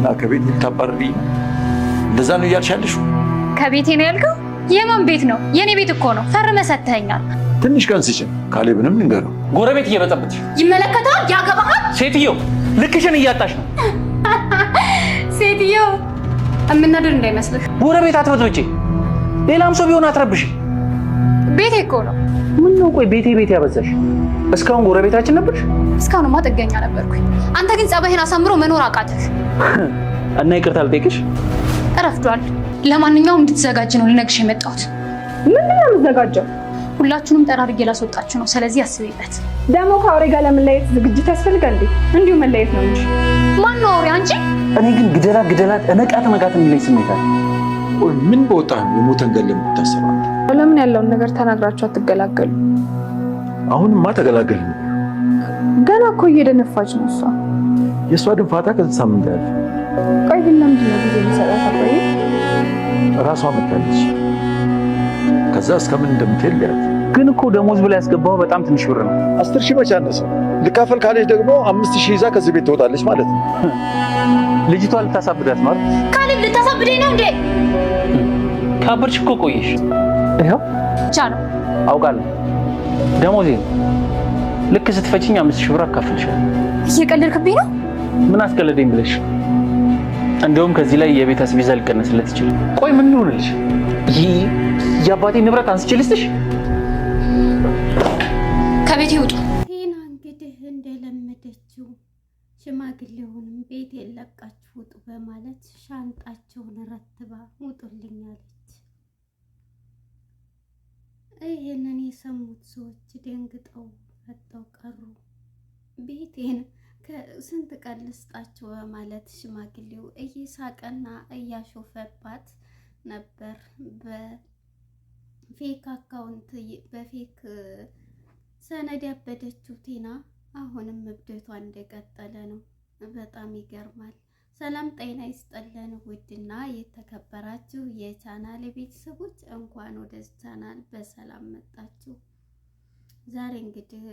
እና ከቤት ልታባረሪ እንደዛ ነው እያልሽ ያለሽው? ከቤቴ ነው ያልከው? የማን ቤት ነው? የኔ ቤት እኮ ነው። ፈርመ ሰጥተኸኛል። ትንሽ ቀን ስጭን። ካሌብንም ልንገረው። ጎረቤት እየበጠበጥሽ ይመለከተዋል። ያገባሃል። ሴትዮ ልክሽን እያጣሽ ነው። ሴትዮ እምናደድ እንዳይመስልህ። ጎረቤት አትበጥብጪ። ሌላም ሰው ቢሆን አትረብሽ። ቤቴ እኮ ነው። ምነው? ቆይ ቤቴ ቤቴ ያበዛሽ። እስካሁን ጎረቤታችን ነበርሽ? እስካሁንማ ጥገኛ ነበርኩኝ። አንተ ግን ጸባይህን አሳምሮ መኖር አቃተህ እና ይቅርታ ልጠይቅሽ እረፍዷል። ለማንኛውም እንድትዘጋጅ ነው ልነግርሽ የመጣሁት። ምንድን ነው የምትዘጋጀው? ሁላችሁንም ጠራርጌ ላስወጣችሁ ነው። ስለዚህ አስቢበት ደግሞ ከአውሬ ጋር ለመለየት ዝግጅት ያስፈልጋል እንዴ? እንዲሁ መለየት ነው እንጂ ነው አውሬ? አንቺ። እኔ ግን ግደላት ግደላት እነቃት ነቃት የሚለኝ ስሜት አለ። ምን በወጣ የሞተን ገል ለምን ያለውን ነገር ተናግራችሁ አትገላገሉ? አሁንማ ተገላገልን። ገና እኮ እየደነፋች ነው እሷ። የእሷ ድንፋታ ከዚህ ሳምንት ያለ ቆይ፣ ግን ለምንድን ነው ጊዜ የሚሰጣት? ቆይ እራሷ መታለች። ከዛ እስከምን እንደምትሄድ ቢያት። ግን እኮ ደሞዝ ብላ ያስገባው በጣም ትንሽ ብር ነው። አስር ሺህ መቼ አነሰው? ልካፈል ካለች ደግሞ አምስት ሺህ ይዛ ከዚህ ቤት ትወጣለች ማለት ነው። ልጅቷ ልታሳብዳት ማለት ካሌብ፣ ልታሳብደኝ ነው እንዴ? ካበርሽ እኮ ቆየሽ። ይኸው ብቻ ነው አውቃለሁ፣ ደሞዜ ነው ልክ ስትፈጭኝ አምስት ሺህ ብር አካፍልሻለሁ። እየቀለድክብኝ ነው። ምን አስቀለደኝ ብለሽ? እንደውም ከዚህ ላይ የቤት አስቤዛ ሊቀነስለት ይችላል። ቆይ ምን ይሆንልሽ? ይህ የአባቴ ንብረት አንስቼ ልስጥሽ? ከቤት ይውጡ። ቴና እንግዲህ እንደለመደችው ሽማግሌውንም ቤት የለቃችሁ ውጡ በማለት ሻንጣቸውን ረትባ ውጡልኝ አለች። ይህንን የሰሙት ሰዎች ደንግጠው መጠው ቀሩ። ቤቴን ከስንት ቀን ልስጣቸው በማለት ሽማግሌው እየሳቀና እያሾፈባት ነበር። በፌክ አካውንት በፌክ ሰነድ ያበደችው ቲና አሁንም እብደቷ እንደቀጠለ ነው። በጣም ይገርማል። ሰላም ጤና ይስጠለን። ውድና የተከበራችሁ የቻናል ቤተሰቦች እንኳን ወደ ቻናል በሰላም መጣችሁ። ዛሬ እንግዲህ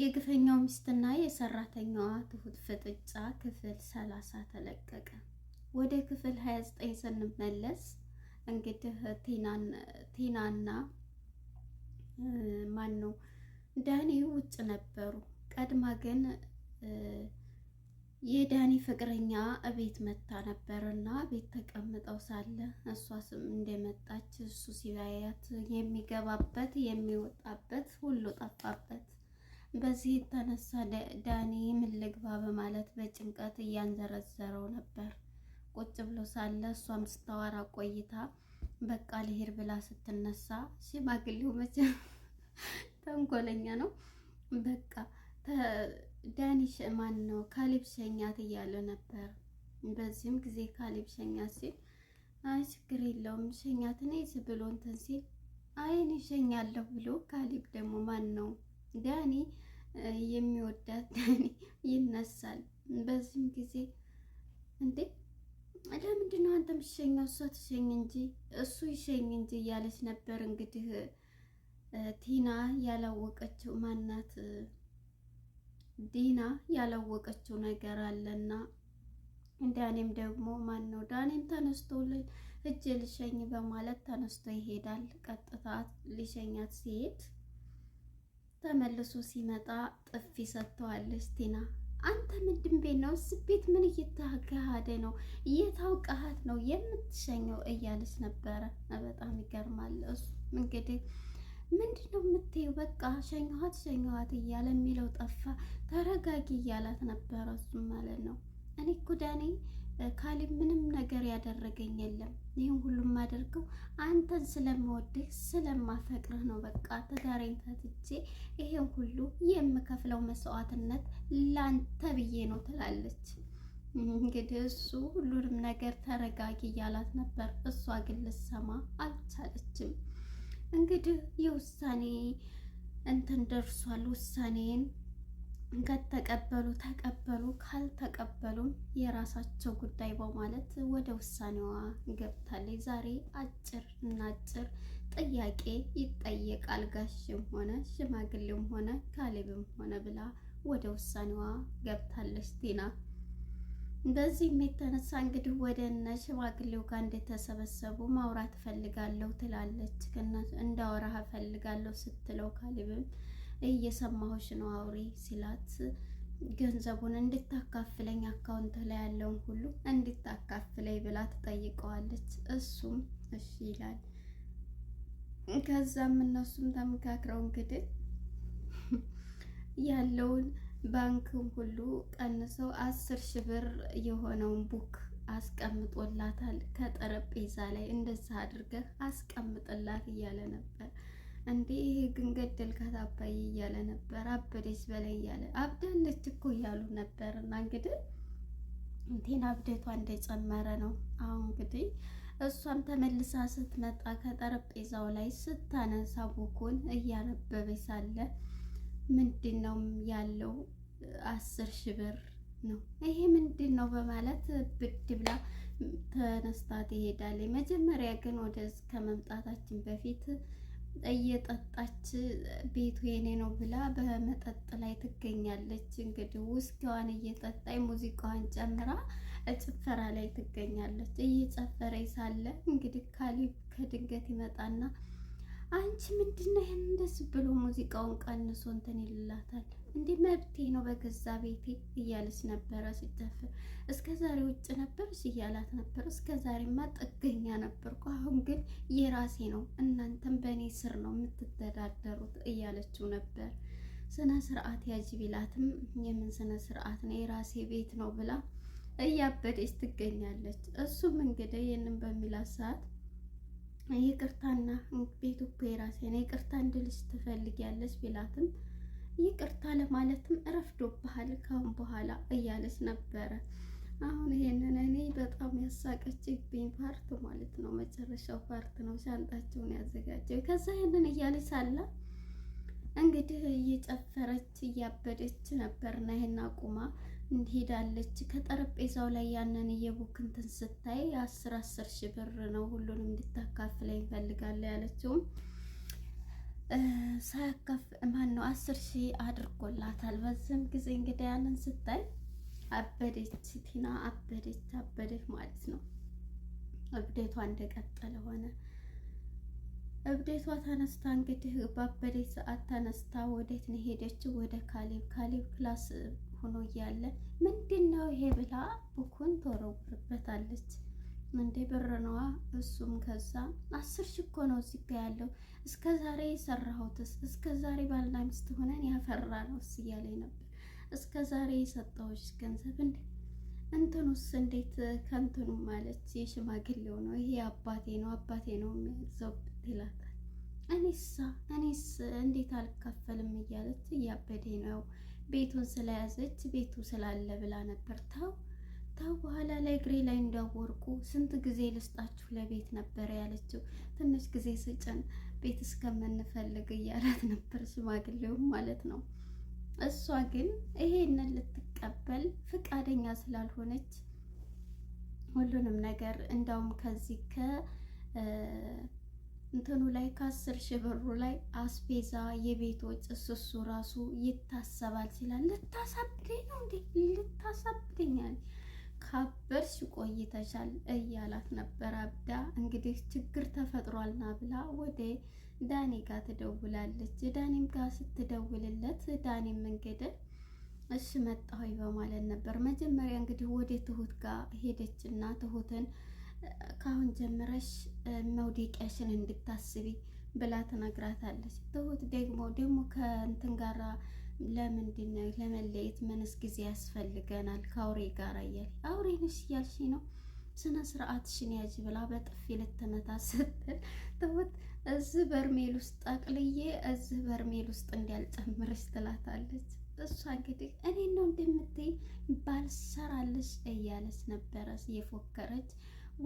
የግፈኛው ሚስትና የሰራተኛዋ ትሁት ፍጥጫ ክፍል ሰላሳ ተለቀቀ። ወደ ክፍል 29 ስንመለስ እንግዲህ ቴናና ማን ነው ዳኒ ውጭ ነበሩ። ቀድማ ግን የዳኒ ፍቅረኛ እቤት መታ ነበር ቤት ተቀምጠው ሳለ እሷ ስም እንደመጣች እሱ ሲያያት የሚገባበት የሚወጣበት ሁሉ ጠፋበት። በዚህ የተነሳ ዳኒ ምን ልግባ በማለት በጭንቀት እያንዘረዘረው ነበር። ቁጭ ብሎ ሳለ እሷም ስታወራ ቆይታ በቃ ልሄድ ብላ ስትነሳ ሽማግሌው መቼም ተንኮለኛ ነው በቃ ዳኒሽ ማን ነው ካሊብ ሸኛት እያለ ነበር። በዚህም ጊዜ ካሊብ ሸኛት ሲል አይ ችግር የለውም ሸኛት እኔ ብሎ እንትን ሲል አይ እኔ ሸኛለሁ ብሎ ካሊብ ደግሞ ማን ነው ዳኒ የሚወዳት ዳኒ ይነሳል። በዚህም ጊዜ እንዴ ለምንድን ነው አንተ ምትሸኛው? እሷ ትሸኝ እንጂ እሱ ይሸኝ እንጂ እያለች ነበር እንግዲህ ቲና ያላወቀችው ማናት ዲና ያላወቀችው ነገር አለና ዳኔም ደግሞ ማን ነው ዳኔም ተነስቶልኝ እጅ ልሸኝ በማለት ተነስቶ ይሄዳል። ቀጥታ ሊሸኛት ሲሄድ ተመልሶ ሲመጣ ጥፊ ሰጥተዋለች ቲና። አንተ ምንድን ቤት ነው ስቤት ምን እየተካሄደ ነው? እየታውቀሃት ነው የምትሸኘው እያለች ነበረ። በጣም ይገርማል። እሱ እንግዲህ ምንድን ነው የምትይው? በቃ ሸኘኋት ሸኘኋት እያለ የሚለው ጠፋ። ተረጋጊ እያላት ነበረ እሱም ማለት ነው። እኔ እኮ ዳኔ ካሌብ ምንም ነገር ያደረገኝ የለም። ይህን ሁሉም አደርገው አንተን ስለምወድህ ስለማፈቅርህ ነው። በቃ ትዳሬን ፈትቼ ይሄን ሁሉ የምከፍለው መስዋዕትነት ላንተ ብዬ ነው ትላለች። እንግዲህ እሱ ሁሉንም ነገር ተረጋጊ እያላት ነበር። እሷ ግን ልትሰማ አልቻለችም። እንግዲህ የውሳኔ እንትን ደርሷል። ውሳኔን ከተቀበሉ ተቀበሉ፣ ካልተቀበሉም የራሳቸው ጉዳይ በማለት ወደ ውሳኔዋ ገብታለች። ዛሬ አጭር እና አጭር ጥያቄ ይጠየቃል ጋሽም ሆነ ሽማግሌም ሆነ ካሌብም ሆነ ብላ ወደ ውሳኔዋ ገብታለች ቲና በዚህም የተነሳ እንግዲህ ወደ እነ ሽማግሌው ጋር እንደተሰበሰቡ ማውራት እፈልጋለሁ ትላለች። እንዳወራህ እፈልጋለሁ ስትለው ካሌብም እየሰማሁሽ ነው አውሪ ሲላት ገንዘቡን እንድታካፍለኝ አካውንት ላይ ያለውን ሁሉ እንድታካፍለኝ ብላ ትጠይቀዋለች። እሱም እሺ ይላል። ከዛም እነሱም ተመካክረው እንግዲህ ያለውን ባንክን ሁሉ ቀንሰው አስር ሺህ ብር የሆነውን ቡክ አስቀምጦላታል ከጠረጴዛ ላይ እንደዛ አድርገህ አስቀምጥላት እያለ ነበር። እንዴ ይሄ ግን ገደልካት አባዬ እያለ ነበር። አበደች በላይ እያለ አብዳለች እኮ እያሉ ነበር። እና እንግዲህ እንቴን አብደቷ እንደጨመረ ነው። አሁን እንግዲህ እሷም ተመልሳ ስትመጣ ከጠረጴዛው ላይ ስታነሳ ቡኩን እያነበበች ሳለ ምንድን ነው ያለው አስር ሺህ ብር ነው ይሄ ምንድን ነው በማለት ብድ ብላ ተነስታ ትሄዳለች። መጀመሪያ ግን ወደዚህ ከመምጣታችን በፊት እየጠጣች ቤቱ የኔ ነው ብላ በመጠጥ ላይ ትገኛለች። እንግዲህ ውስኪዋን እየጠጣች ሙዚቃዋን ጨምራ ጭፈራ ላይ ትገኛለች። እየጨፈረ ሳለ እንግዲህ ካሊብ ከድንገት ይመጣና አንቺ ምንድነው ይሄን እንደዚህ ብሎ ሙዚቃውን ቀንሶ እንትን ይልላታል። እንዴ መብቴ ነው በገዛ ቤቴ እያለች ነበረ ሲጨፍር። እስከ ዛሬ ውጭ ነበርሽ እያላት ነበር። እስከ ዛሬማ ጥገኛ ነበርኩ፣ አሁን ግን የራሴ ነው፣ እናንተም በእኔ ስር ነው የምትተዳደሩት እያለችው ነበር። ስነ ስርዓት ያጅ ቢላትም የምን ስነ ስርዓት ነው የራሴ ቤት ነው ብላ እያበደች ትገኛለች። እሱም እንግዲህ ይህንን በሚላት ሰዓት ይቅርታና ቤቱ እኮ የራሴ ነው ይቅርታ እንድልሽ ትፈልጊያለሽ ቢላትም ይቅርታ ለማለትም እረፍዶብሃል ካሁን በኋላ እያለች ነበረ። አሁን ይሄንን እኔ በጣም ያሳቀችብኝ ፓርት ማለት ነው መጨረሻው ፓርት ነው። ሻንጣቸውን ያዘጋጀው ከዛ ይሄንን እያለች ሳለ እንግዲህ እየጨፈረች እያበደች ነበር እና ይሄን አቁማ እንሄዳለች ከጠረጴዛው ላይ ያንን የቡክንትን ስታይ አስር አስር ሺህ ብር ነው ሁሉንም እንድታካፍለኝ እፈልጋለሁ ያለችውም ሳያካፍ ማን ነው አስር ሺህ አድርጎላታል። በዚህም ጊዜ እንግዲህ ያንን ስታይ አበደች፣ ቲና አበደች፣ አበደች ማለት ነው። እብደቷ እንደቀጠለ ሆነ። እብደቷ ተነስታ እንግዲህ ባበደች ሰዓት ተነስታ ወዴት ነው ሄደችው? ወደ ካሌብ ካሌብ ክላስ ሆኖ እያለ ምንድን ነው ይሄ ብላ ቡኩን ተወረውርበታለች። እንዴ ብር ነዋ። እሱም ከዛ አስር ሺህ እኮ ነው እዚህ ያለው እስከ ዛሬ የሰራሁትስ እስከ ዛሬ ባልና ሚስት ሆነን ያፈራ ነው እስ እያለኝ ነበር። እስከ ዛሬ የሰጠሁሽ ገንዘብ እንዴ እንትኑስ እንዴት ከንትኑ ማለት የሽማግሌው ነው ይሄ አባቴ ነው አባቴ ነው የሚያዘው ይላታል። እኔሳ እኔስ እንዴት አልካፈልም እያለች እያበዴ ነው ቤቱን ስለያዘች ቤቱ ስላለ ብላ ነበር። ታው ታው በኋላ ላይ እግሬ ላይ እንዳወርቁ ስንት ጊዜ ልስጣችሁ ለቤት ነበር ያለችው። ትንሽ ጊዜ ስጭን ቤት እስከምንፈልግ እያላት ነበር፣ ሽማግሌውም ማለት ነው። እሷ ግን ይሄንን ልትቀበል ፈቃደኛ ስላልሆነች ሁሉንም ነገር እንዳውም ከዚህ ከ እንትኑ ላይ ከአስር ሺህ ብሩ ላይ አስቤዛ የቤት ወጭ እሱ ራሱ ይታሰባል ሲላል። ልታሳብደኝ ነው እንዴ? ልታሳብደኛል ካበርሽ ቆይተሻል እያላት ነበር። አብዳ እንግዲህ ችግር ተፈጥሯልና ብላ ወደ ዳኔ ጋር ትደውላለች። ዳኔም ጋር ስትደውልለት ዳኔም መንገደ እሺ መጣሁ በማለት ነበር። መጀመሪያ እንግዲህ ወደ ትሁት ጋር ሄደችና ትሁትን ካሁን ጀምረሽ መውደቂያሽን እንድታስቢ ብላ ትነግራታለች። ትሁት ደግሞ ደግሞ ከእንትን ጋራ ለምንድን ነው ለመለየት ምንስ ጊዜ ያስፈልገናል? ከአውሬ ጋር እያል አውሬ ነሽ እያልሽ ነው ስነ ስርዓትሽን ያዥ ብላ በጥፊ ልትመታ ስትል ትሁት እዚህ በርሜል ውስጥ አቅልዬ እዚህ በርሜል ውስጥ እንዲያልጨምርሽ ትላታለች። እሷ እንግዲህ እኔ ነው እንደምትይ ባልሰራልሽ እያለች ነበረ የፎከረች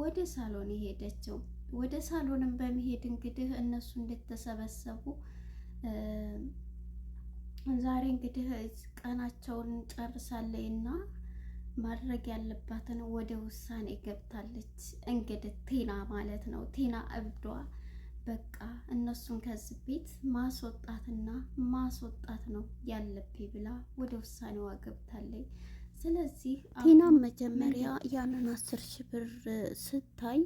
ወደ ሳሎን የሄደችው። ወደ ሳሎንም በመሄድ እንግዲህ እነሱ እንደተሰበሰቡ ዛሬ እንግዲህ ቀናቸውን ጨርሳለች እና ማድረግ ያለባትን ወደ ውሳኔ ገብታለች። እንግዲህ ቴና ማለት ነው። ቴና እብዷ በቃ እነሱን ከዚህ ቤት ማስወጣትና ማስወጣት ነው ያለብኝ ብላ ወደ ውሳኔዋ ገብታለች። ስለዚህ ቴና መጀመሪያ ያንን አስር ሺህ ብር ስታይ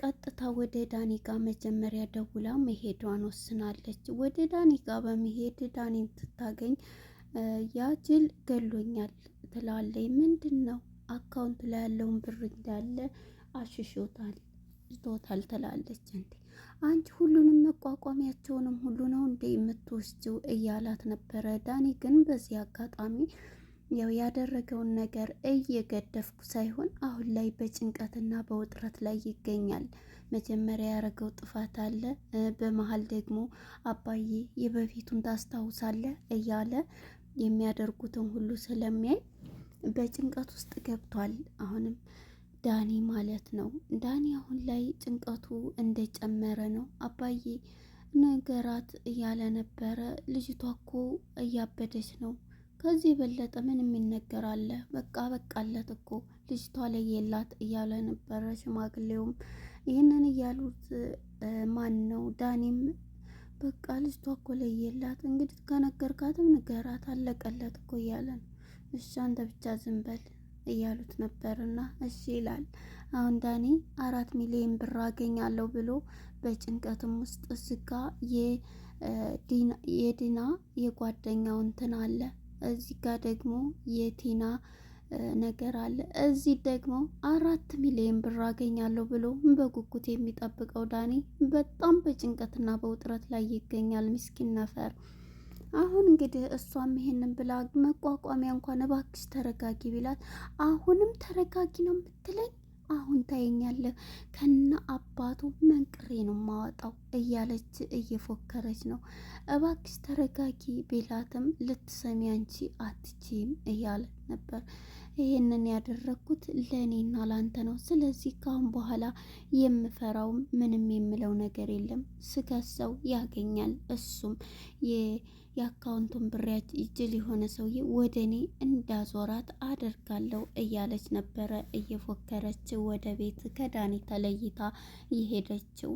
ቀጥታ ወደ ዳኒ ጋር መጀመሪያ ደውላ መሄዷን ወስናለች። ወደ ዳኒ ጋር በመሄድ ዳኒን ስታገኝ ያጅል ገሎኛል ትላለች። ምንድን ነው አካውንት ላይ ያለውን ብር እንዳለ አሽሾታል ይዞታል ትላለች። እንዴ አንቺ ሁሉንም መቋቋሚያቸውንም ሁሉ ነው እንደ የምትወስጂው እያላት ነበረ። ዳኒ ግን በዚህ አጋጣሚ ያው ያደረገውን ነገር እየገደፍኩ ሳይሆን አሁን ላይ በጭንቀትና በውጥረት ላይ ይገኛል። መጀመሪያ ያደረገው ጥፋት አለ። በመሀል ደግሞ አባዬ የበፊቱን ታስታውሳለህ እያለ የሚያደርጉትን ሁሉ ስለሚያይ በጭንቀት ውስጥ ገብቷል። አሁንም ዳኒ ማለት ነው። ዳኒ አሁን ላይ ጭንቀቱ እንደጨመረ ነው። አባዬ ነገራት እያለ ነበረ። ልጅቷ እኮ እያበደች ነው ከዚህ የበለጠ ምን የሚነገር አለ? በቃ በቃለት እኮ ልጅቷ ለየላት የላት እያለ ነበረ። ሽማግሌውም ይህንን እያሉት ማን ነው ዳኒም በቃ ልጅቷ እኮ ለየላት እንግዲህ ከነገርካትም ንገራት አለቀለት እኮ እያለ ነው። እሺ አንተ ብቻ ዝም በል እያሉት ነበርና እሺ ይላል። አሁን ዳኒ አራት ሚሊዮን ብር አገኛለሁ ብሎ በጭንቀትም ውስጥ ስጋ የዲና የጓደኛው እንትን አለ እዚህ ጋር ደግሞ የቲና ነገር አለ። እዚህ ደግሞ አራት ሚሊዮን ብር አገኛለሁ ብሎ በጉጉት የሚጠብቀው ዳኒ በጣም በጭንቀትና በውጥረት ላይ ይገኛል። ምስኪን ነፈር። አሁን እንግዲህ እሷም ይሄንን ብላ መቋቋሚያ እንኳን እባክሽ ተረጋጊ ቢላት አሁንም ተረጋጊ ነው የምትለኝ? አሁን ታየኛለህ፣ ከነ አባቱ መንቅሬ ነው የማወጣው እያለች እየፎከረች ነው። እባክሽ ተረጋጊ ቢላትም ልትሰሚ አንቺ አትችም እያለት ነበር። ይህንን ያደረግኩት ለእኔና ላንተ ነው። ስለዚህ ካሁን በኋላ የምፈራውም ምንም የምለው ነገር የለም። ስከሰው ያገኛል። እሱም የአካውንቱን ብር እጅል የሆነ ሰውዬ ወደ እኔ እንዳዞራት አደርጋለሁ እያለች ነበረ እየፎከረች ወደ ቤት ከዳኒ ተለይታ የሄደችው።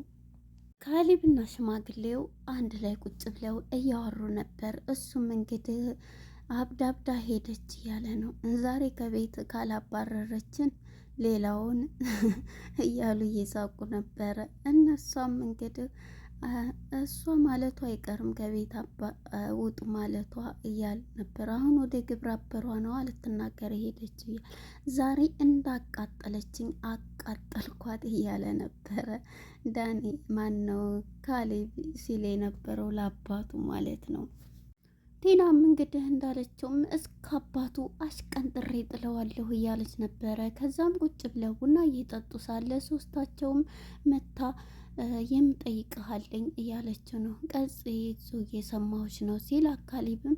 ካሊብና ሽማግሌው አንድ ላይ ቁጭ ብለው እያወሩ ነበር። እሱም እንግዲህ አብዳብዳ ሄደች እያለ ነው። ዛሬ ከቤት ካላባረረችን ሌላውን እያሉ እየሳቁ ነበረ። እነሷም እንግዲህ እሷ ማለቷ አይቀርም ከቤት ውጡ ማለቷ እያል ነበር። አሁን ወደ ግብረ አበሯ ነዋ ልትናገር ሄደች እያል ዛሬ እንዳቃጠለችኝ አቃጠልኳት እያለ ነበረ ዳኒ። ማን ነው ካሌብ ሲል የነበረው ለአባቱ ማለት ነው። ቲናም እንግዲህ እንዳለችውም እስከ አባቱ አሽቀንጥሬ ጥለዋለሁ እያለች ነበረ። ከዛም ቁጭ ብለው ቡና እየጠጡ ሳለ ሶስታቸውም መታ የምጠይቅሃለኝ እያለችው ነው። ቀጽ ይዞ እየሰማዎች ነው ሲል አካሊብም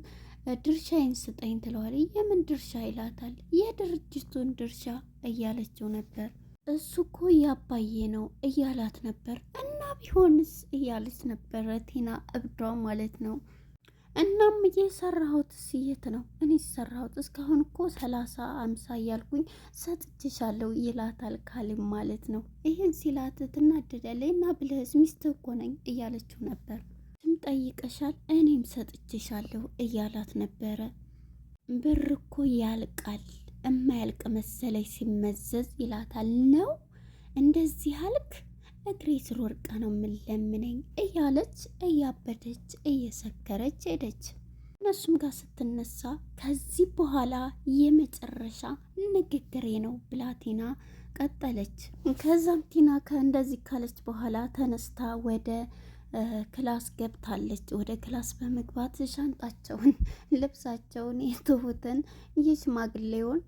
ድርሻዬን ስጠኝ ትለዋለች። የምን ድርሻ ይላታል። የድርጅቱን ድርሻ እያለችው ነበር። እሱ እኮ ያባዬ ነው እያላት ነበር። እና ቢሆንስ እያለች ነበረ ቲና እብዷ ማለት ነው። እናም እየሰራሁት ስየት ነው እኔ ሰራሁት? እስካሁን እኮ ሰላሳ አምሳ እያልኩኝ ሰጥችሻለሁ ይላታል ካሌብ ማለት ነው። ይህን ሲላት ትናደዳለች እና ብለህስ ሚስትህ እኮ ነኝ እያለችው ነበር። ስም ጠይቀሻል፣ እኔም ሰጥችሻለሁ እያላት ነበረ። ብር እኮ ያልቃል፣ እማያልቅ መሰለኝ ሲመዘዝ ይላታል። ነው እንደዚህ አልክ እግሬ ስር ወርቃ ነው የምንለምነኝ እያለች እያበደች እየሰከረች ሄደች። እነሱም ጋር ስትነሳ ከዚህ በኋላ የመጨረሻ ንግግሬ ነው ብላ ቲና ቀጠለች። ከዛም ቲና ከእንደዚህ ካለች በኋላ ተነስታ ወደ ክላስ ገብታለች። ወደ ክላስ በመግባት ሻንጣቸውን፣ ልብሳቸውን፣ የትሁትን የሽማግሌውን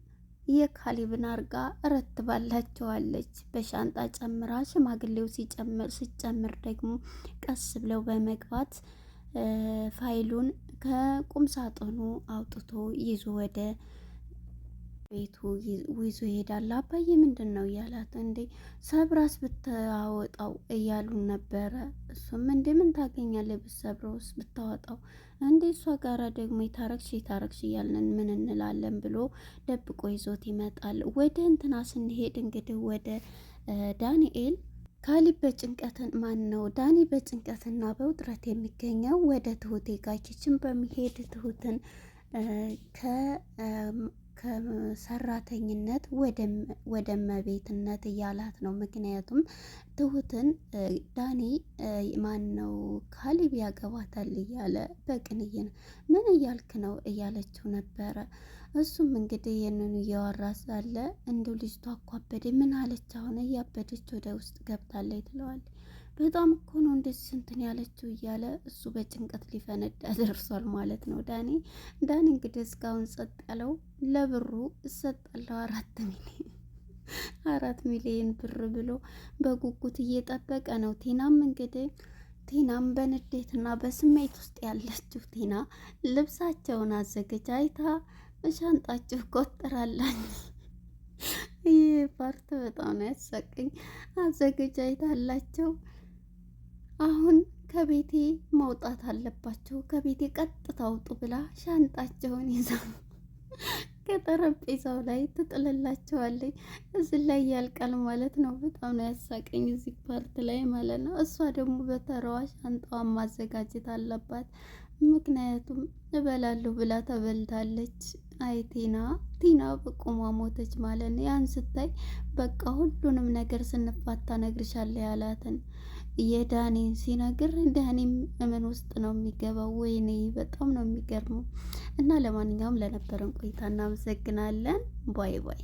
የካሊብን አርጋ ረትባላቸዋለች። በሻንጣ ጨምራ ሽማግሌው ሲጨምር ስጨምር ደግሞ ቀስ ብለው በመግባት ፋይሉን ከቁም ሳጥኑ አውጥቶ ይዞ ወደ ቤቱ ይዞ ይሄዳል። አባዬ ምንድን ነው እያላት እንዴ ሰብራስ ብታወጣው እያሉን ነበረ። እሱም እንዴ ምን ታገኛለህ ብትሰብረውስ ብታወጣው እንዴ እሷ ጋራ ደግሞ የታረቅሽ የታረቅሽ እያልን ምን እንላለን ብሎ ደብቆ ይዞት ይመጣል። ወደ እንትና ስንሄድ እንግዲህ ወደ ዳንኤል ካሊ በጭንቀትን ማን ነው ዳኒ በጭንቀትና በውጥረት የሚገኘው ወደ ትሁቴ ጋር በሚሄድ ትሁትን ከ ከሰራተኝነት ወደ መቤትነት እያላት ነው። ምክንያቱም ትሁትን ዳኒ ማን ነው ካሊብ ያገባታል እያለ በቅንይን ምን እያልክ ነው እያለችው ነበረ። እሱም እንግዲህ ይህንኑ እያወራ ሳለ እንደው ልጅቷ አኳበደ ምን አለች አሁን እያበደች ወደ ውስጥ ገብታለች ትለዋለች። በጣም እኮ ነው እንደዚህ ስንትን ያለችው እያለ እሱ በጭንቀት ሊፈነዳ ደርሷል ማለት ነው። ዳኒ ዳኒ እንግዲህ እስካሁን ጸጥ ያለው ለብሩ እሰጣለሁ አራት ሚሊዮን አራት ሚሊዮን ብር ብሎ በጉጉት እየጠበቀ ነው። ቴናም እንግዲህ ቴናም በንዴትና በስሜት ውስጥ ያለችው ቴና ልብሳቸውን አይታ ሻንጣችሁ ቆጥራላኝ ይህ ፓርት በጣም ነው ያሳቀኝ። አዘገጃጅታላቸው አሁን ከቤቴ መውጣት አለባቸው፣ ከቤቴ ቀጥታ ውጡ ብላ ሻንጣቸውን ይዛ ከጠረጴዛው ላይ ትጥልላቸዋለች። እዚ ላይ ያልቃል ማለት ነው። በጣም ነው ያሳቀኝ እዚህ ፓርት ላይ ማለት ነው። እሷ ደግሞ በተራዋ ሻንጣዋን ማዘጋጀት አለባት። ምክንያቱም እበላለሁ ብላ ተበልታለች። አይ ቲና ቲና በቁሟ ሞተች ማለት ነው። ያን ስታይ በቃ ሁሉንም ነገር ስንፋታ ነግርሻለሁ ያላትን የዳኔን ሲነግር ዳኔም እምን ውስጥ ነው የሚገባው? ወይኔ በጣም ነው የሚገርመው። እና ለማንኛውም ለነበረን ቆይታ እናመሰግናለን። ባይ ባይ